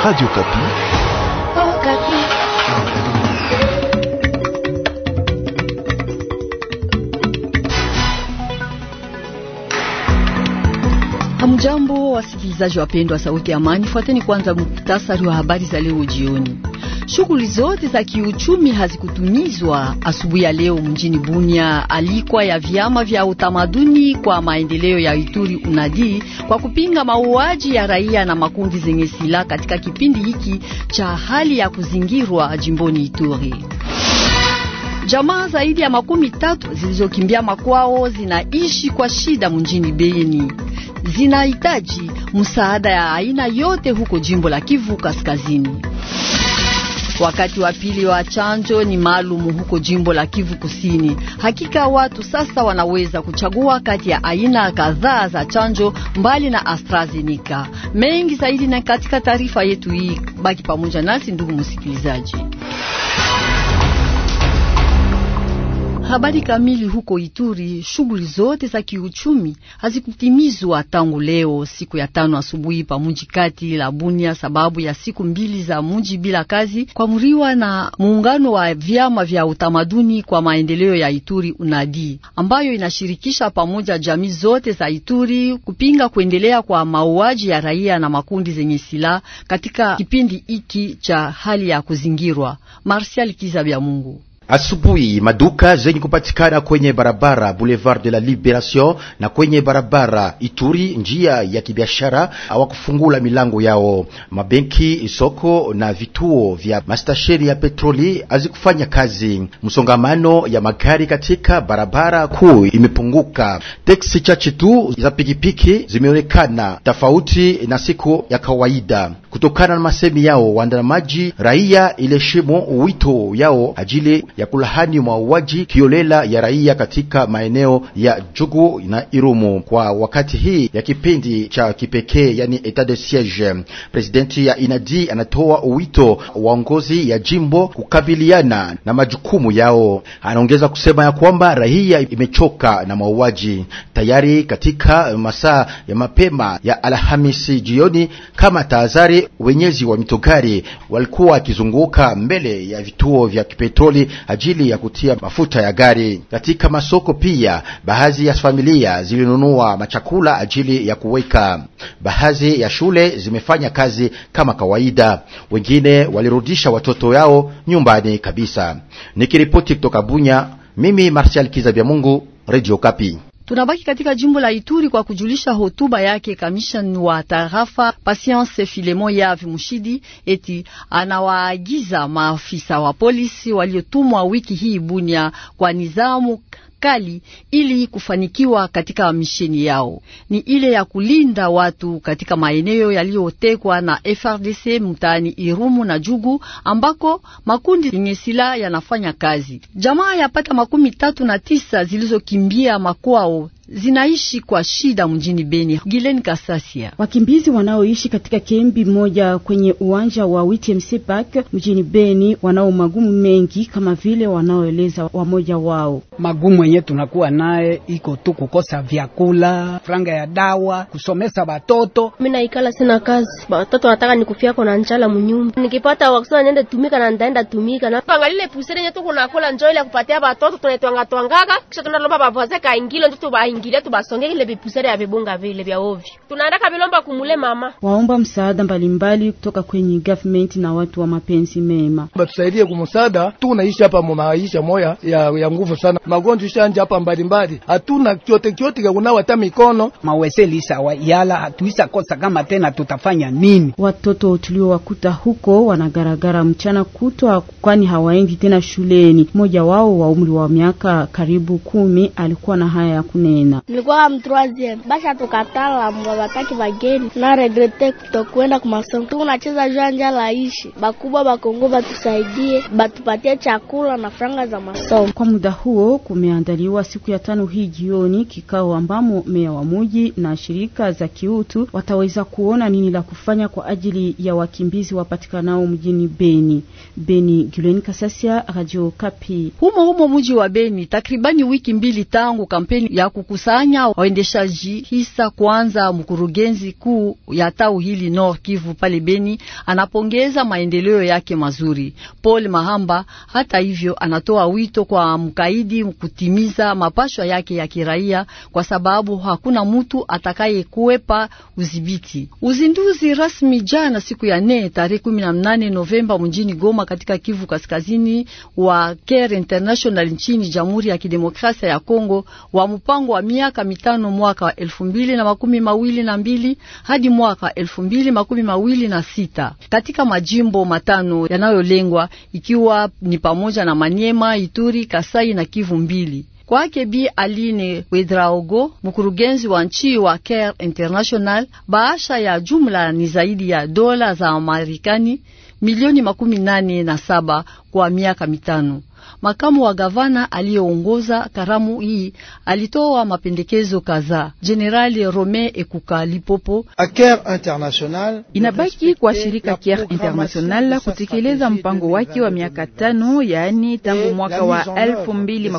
Radio Kapi. Oh, Kapi. Hamjambo wasikilizaji wapendwa sauti ya amani, fuateni kwanza muktasari wa habari za leo jioni. Shughuli zote za kiuchumi hazikutumizwa asubuhi ya leo mjini Bunia. Alikwa ya vyama vya utamaduni kwa maendeleo ya Ituri unadi kwa kupinga mauaji ya raia na makundi zenye silaha katika kipindi hiki cha hali ya kuzingirwa jimboni Ituri. Jamaa zaidi ya makumi tatu zilizokimbia makwao zinaishi kwa shida mjini Beni, zinahitaji msaada ya aina yote huko jimbo la Kivu Kaskazini. Wakati wa pili wa chanjo ni maalum huko jimbo la Kivu Kusini. Hakika watu sasa wanaweza kuchagua kati ya aina kadhaa za chanjo mbali na AstraZeneca. Mengi zaidi na katika taarifa yetu hii, baki pamoja nasi ndugu msikilizaji. Habari kamili huko Ituri, shughuli zote za kiuchumi hazikutimizwa tangu leo siku ya tano asubuhi pa mji kati la Bunia, sababu ya siku mbili za mji bila kazi kuamriwa na muungano wa vyama vya utamaduni kwa maendeleo ya Ituri unadi, ambayo inashirikisha pamoja jamii zote za Ituri kupinga kuendelea kwa mauaji ya raia na makundi zenye silaha katika kipindi hiki cha hali ya kuzingirwa. Marsial Kizabya Mungu Asubuhi maduka zenye kupatikana kwenye barabara Boulevard de la Liberation na kwenye barabara Ituri njia ya kibiashara hawakufungula milango yao. Mabenki, soko na vituo vya mastasheni ya petroli hazikufanya kazi. Msongamano ya magari katika barabara kuu imepunguka. Teksi chache tu za pikipiki zimeonekana, tofauti na siku ya kawaida. Kutokana na masemi yao waandamaji raia iliheshimu wito yao ajili ya kulahani mauaji kiolela ya raia katika maeneo ya Jugu na Irumu kwa wakati hii ya kipindi cha kipekee, yani etat de siege. Presidenti ya Inadi anatoa wito waongozi ya jimbo kukabiliana na majukumu yao. Anaongeza kusema ya kwamba raia imechoka na mauaji tayari. Katika masaa ya mapema ya Alhamisi jioni kama tahadhari wenyezi wa mitogari walikuwa wakizunguka mbele ya vituo vya kipetroli ajili ya kutia mafuta ya gari. Katika masoko pia, baadhi ya familia zilinunua machakula ajili ya kuweka. Baadhi ya shule zimefanya kazi kama kawaida, wengine walirudisha watoto yao nyumbani kabisa. Nikiripoti kutoka Bunya, mimi Martial Kiza vya Mungu, Radio Kapi. Tunabaki katika jimbo la Ituri kwa kujulisha hotuba yake kamishani wa tarafa Patience Filemo Yavi Mushidi, eti anawaagiza maafisa wa polisi waliotumwa wiki hii Bunia kwa nizamu serikali ili kufanikiwa katika misheni yao ni ile ya kulinda watu katika maeneo yaliyotekwa na FRDC mtaani Irumu na Jugu ambako makundi yenye silaha yanafanya kazi. Jamaa yapata makumi tatu na tisa zilizokimbia makwao zinaishi kwa shida mjini Beni. Gilen Kasasia, wakimbizi wanaoishi katika kembi moja kwenye uwanja wa WTMC Park mjini Beni wanao magumu mengi kama vile wanaoeleza wamoja wao magumu yenye tunakuwa naye iko tu kukosa vyakula, franga ya dawa, kusomesa batoto. Mimi naikala sina kazi, batoto nataka nikufia kwa njala mnyumba, Nikipata wakusana niende tumika na ndaenda tumika na angalile pusere yetu kuna kula njoo ile kupatia batoto tunaitwanga twangaka, kisha tunalomba bavaze ingilo ndio tubaingilia tubasonge ile bipusere ya vibunga vile vya ovyo. Tunaandaka bilomba kumule mama. Waomba msaada mbalimbali kutoka kwenye government na watu wa mapenzi mema. Batusaidie kumsaada, tu, naishi hapa maisha moya ya, ya nguvu sana magonjwa shanje hapa mbalimbali, hatuna chote chote ya kunawa hata mikono maweselisa wa yala hatuisa kosa kama tena, tutafanya nini? Watoto tuliowakuta huko wanagaragara mchana kutwa, kwani hawaendi tena shuleni. Mmoja wao wa umri wa miaka karibu kumi alikuwa na haya ya kunena: nilikuwa mtroisieme basha tukatala mwawataki bageni na regrete kutokwenda kumasomo, tunacheza janja laishi bakubwa bakongo batusaidie batupatie chakula na franga za masomo. Kwa muda huo kumeandaliwa siku ya tano hii jioni kikao ambamo meya wa muji na shirika za kiutu wataweza kuona nini la kufanya kwa ajili ya wakimbizi wapatikanao mjini Beni. Beni, Gulen Kasasia, Radio Kapi. Humo humo muji wa Beni, takribani wiki mbili tangu kampeni ya kukusanya waendeshaji hisa kwanza, mkurugenzi kuu ya tau hili Nord Kivu pale Beni anapongeza maendeleo yake mazuri. Paul Mahamba hata hivyo anatoa wito kwa mkaidi kutimiza mapashwa yake ya kiraia, kwa sababu hakuna mtu atakayekuwepa udhibiti. Uzinduzi rasmi jana siku ya nne tarehe 18 Novemba mjini Goma katika Kivu Kaskazini wa Care International nchini Jamhuri ya Kidemokrasia ya Kongo wa mpango wa miaka mitano mwaka wa elfu mbili na makumi mawili na mbili hadi mwaka wa elfu mbili makumi mawili na sita katika majimbo matano yanayolengwa ikiwa ni pamoja na Manyema, Ituri, Kasai na Kivu elfu mbili kwake Bi Aline Wedraogo, mkurugenzi wa nchi wa Care International, baasha ya jumla ni zaidi ya dola za Marekani milioni makumi nane na saba kwa miaka mitano. Makamu wa gavana aliyeongoza karamu hii alitoa mapendekezo kadhaa. General rome Ekuka Lipopo: inabaki kwa shirika Care International kutekeleza mpango wake wa miaka tano, yaani tangu mwaka wa mbili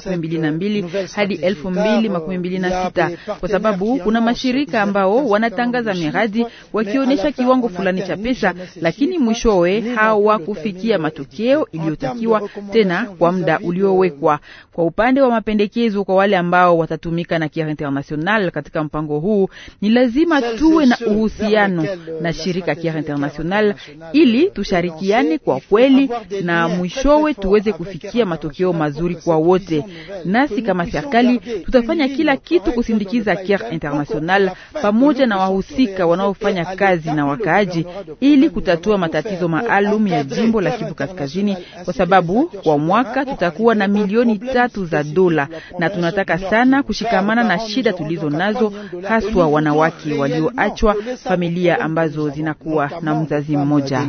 hadi euh, sita kwa sababu kuna mashirika ambao wanatangaza miradi wakionyesha kiwango fulani cha pesa, lakini mwishowe hawakufikia matokeo iliyotakiwa tena kwa muda uliowekwa kwa upande wa mapendekezo kwa wale ambao watatumika na Kiara International katika mpango huu. Ni lazima tuwe na uhusiano euh, na shirika Kiara International ili tushirikiane kwa kweli na mwishowe tuweze kufikia matokeo mazuri kwa wote. Nasi kama serikali tutafanya kila kitu kusindikiza Kiara International pamoja na wahusika wanaofanya kazi na wakaaji ili kutatua matatizo maalum ya jimbo la Kivu Kaskazini, kwa sababu kwa mwaka tutakuwa na milioni tatu za dola, na tunataka sana kushikamana na shida tulizo nazo, haswa wanawake walioachwa, familia ambazo zinakuwa na mzazi mmoja.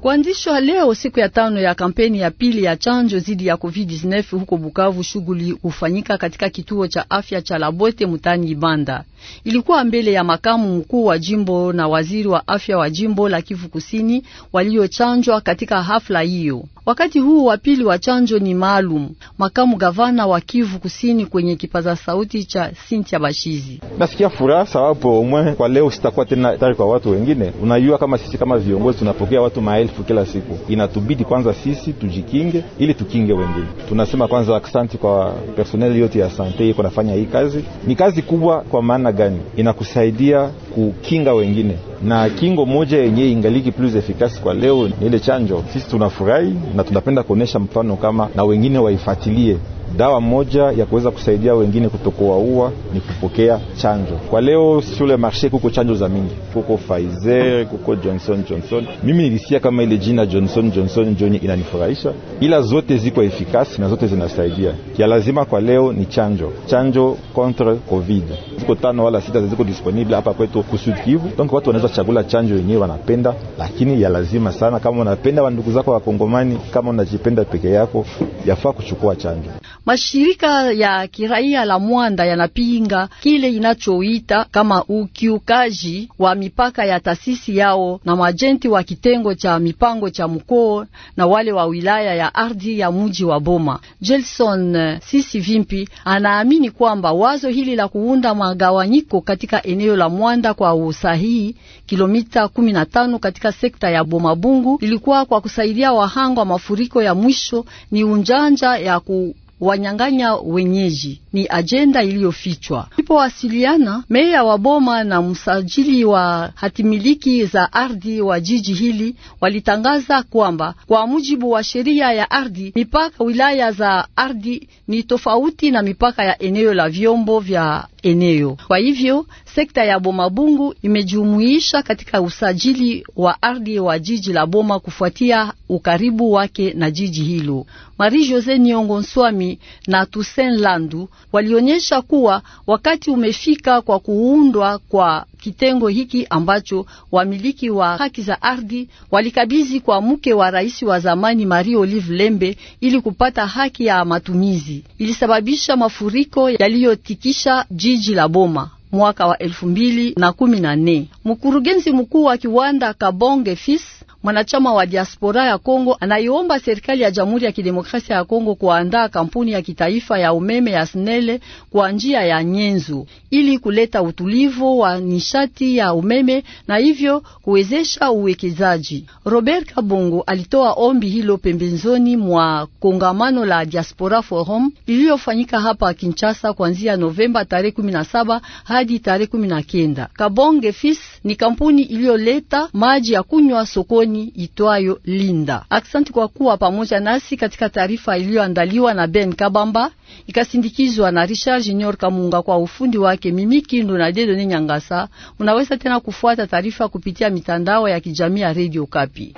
Kuanzishwa leo siku ya tano ya kampeni ya pili ya chanjo dhidi ya COVID-19 huko Bukavu. Shughuli hufanyika katika kituo cha afya cha Labote mutani Ibanda ilikuwa mbele ya makamu mkuu wa jimbo na waziri wa afya wa jimbo la Kivu Kusini waliochanjwa katika hafla hiyo. Wakati huu wa pili wa chanjo ni maalum. Makamu gavana wa Kivu Kusini kwenye kipaza sauti cha Sintia Bashizi: nasikia furaha sababu umwe kwa leo sitakuwa tena hatari kwa watu wengine. Unajua, kama sisi kama viongozi tunapokea watu maelfu kila siku, inatubidi kwanza sisi tujikinge ili tukinge wengine. Tunasema kwanza asante kwa personeli yote ya sante iko nafanya hii kazi, ni kazi kubwa kwa maana gani? Inakusaidia kukinga wengine, na kingo moja yenye ingaliki plus efikasi kwa leo ni ile chanjo. Sisi tunafurahi na tunapenda kuonyesha mfano kama na wengine waifuatilie. Dawa moja ya kuweza kusaidia wengine kutokuwaua ni kupokea chanjo. Kwa leo shule marshe kuko chanjo za mingi, kuko Pfizer, kuko Johnson Johnson. Mimi nilisikia kama ile jina Johnson Johnson njoni inanifurahisha, ila zote ziko efikasi na zote zinasaidia. Ya lazima kwa leo ni chanjo, chanjo contre covid. Ziko tano wala sita ziko disponible hapa kwetu kusud Kivu, donc watu wanaweza chagula chanjo yenyewe wanapenda, lakini ya lazima sana, kama unapenda wandugu zako Wakongomani, kama unajipenda peke yako, yafaa kuchukua chanjo. Mashirika ya kiraia la Mwanda yanapinga kile inachoita kama ukiukaji wa mipaka ya taasisi yao na majenti wa kitengo cha mipango cha mkoo na wale wa wilaya ya ardhi ya mji wa Boma. Jelson Sisi Vimpi anaamini kwamba wazo hili la kuunda magawanyiko katika eneo la Mwanda kwa usahihi kilomita 15 katika sekta ya Boma Bungu ilikuwa kwa kusaidia wahanga wa mafuriko ya mwisho, ni unjanja ya ku wanyang'anya wenyeji ni ajenda iliyofichwa. Ilipowasiliana meya wa Boma na msajili wa hatimiliki za ardhi wa jiji hili, walitangaza kwamba kwa mujibu wa sheria ya ardhi, mipaka wilaya za ardhi ni tofauti na mipaka ya eneo la vyombo vya eneo. Kwa hivyo sekta ya Boma Bungu imejumuisha katika usajili wa ardhi wa jiji la Boma kufuatia ukaribu wake na jiji hilo. Marie Jose Niongo Nswami na Tusen Landu walionyesha kuwa wakati umefika kwa kuundwa kwa kitengo hiki ambacho wamiliki wa haki za ardhi walikabidhi kwa mke wa rais wa zamani Marie Olive Lembe ili kupata haki ya matumizi. Ilisababisha mafuriko yaliyotikisha jiji la Boma mwaka wa elfu mbili na kumi na nne. Mkurugenzi mkuu wa kiwanda Kabonge Fils mwanachama wa diaspora ya Kongo anaiomba serikali ya Jamhuri ya Kidemokrasia ya Kongo kuandaa kampuni ya kitaifa ya umeme ya SNEL kwa njia ya Nyenzu ili kuleta utulivu wa nishati ya umeme na hivyo kuwezesha uwekezaji. Robert Kabongo alitoa ombi hilo pembezoni mwa kongamano la Diaspora Forum iliyofanyika hapa Kinshasa kuanzia Novemba tarehe 17 hadi tarehe 19. Kabonge Fis ni kampuni iliyoleta maji ya kunywa sokoni kampuni itwayo Linda. Aksanti kwa kuwa pamoja nasi katika taarifa iliyoandaliwa na Ben Kabamba ikasindikizwa na Richard Junior Kamunga kwa ufundi wake. Mimi Kindu na Dedone Nyangasa. Unaweza tena kufuata taarifa kupitia mitandao ya kijamii ya Radio Kapi.